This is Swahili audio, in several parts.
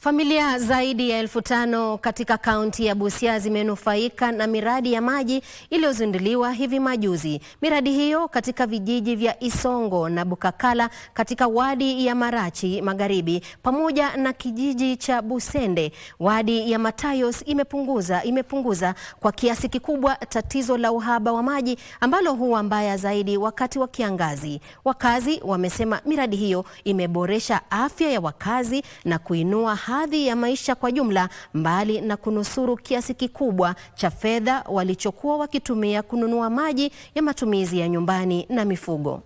Familia zaidi ya elfu tano katika kaunti ya Busia zimenufaika na miradi ya maji iliyozinduliwa hivi majuzi. Miradi hiyo katika vijiji vya Isongo na Bukakala katika wadi ya Marachi Magharibi pamoja na kijiji cha Busende, wadi ya Matayos imepunguza imepunguza kwa kiasi kikubwa tatizo la uhaba wa maji ambalo huwa mbaya zaidi wakati wa kiangazi. Wakazi wamesema miradi hiyo imeboresha afya ya wakazi na kuinua hadhi ya maisha kwa jumla, mbali na kunusuru kiasi kikubwa cha fedha walichokuwa wakitumia kununua maji ya matumizi ya nyumbani na mifugo.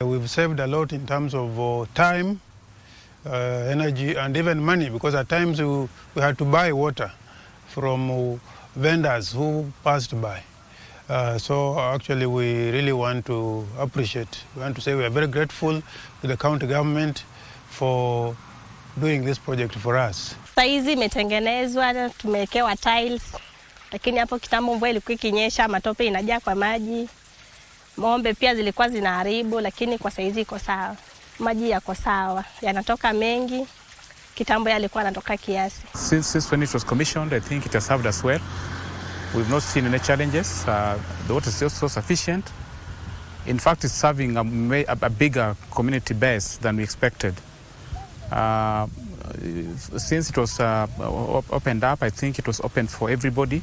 We've saved a lot in terms of uh, time uh, energy and even money because at times we, we had to buy water from vendors who passed by. Uh, so actually we really want to appreciate, we want to say we are very grateful to the county government for doing this project for us. Saizi imetengenezwa, tumewekewa tiles, lakini hapo kitambo mvua ilikuwa ikinyesha, matope inajaa kwa maji, mombe pia zilikuwa zinaharibu, lakini kwa saizi iko sawa maji yako sawa, yanatoka mengi. Kitambo yalikuwa yanatoka kiasi. Since, since when it was commissioned, I think it has served us well. We've not seen any challenges. Uh, the water is so sufficient. In fact, it's serving a, a bigger community base than we expected. Uh, since it was uh, opened up, I think it was open for everybody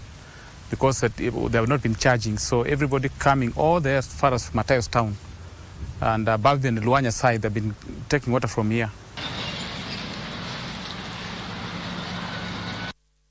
because it, they have not been charging. So everybody coming all the way as far as Matayos town and uh, back then Luanya side they've been taking water from here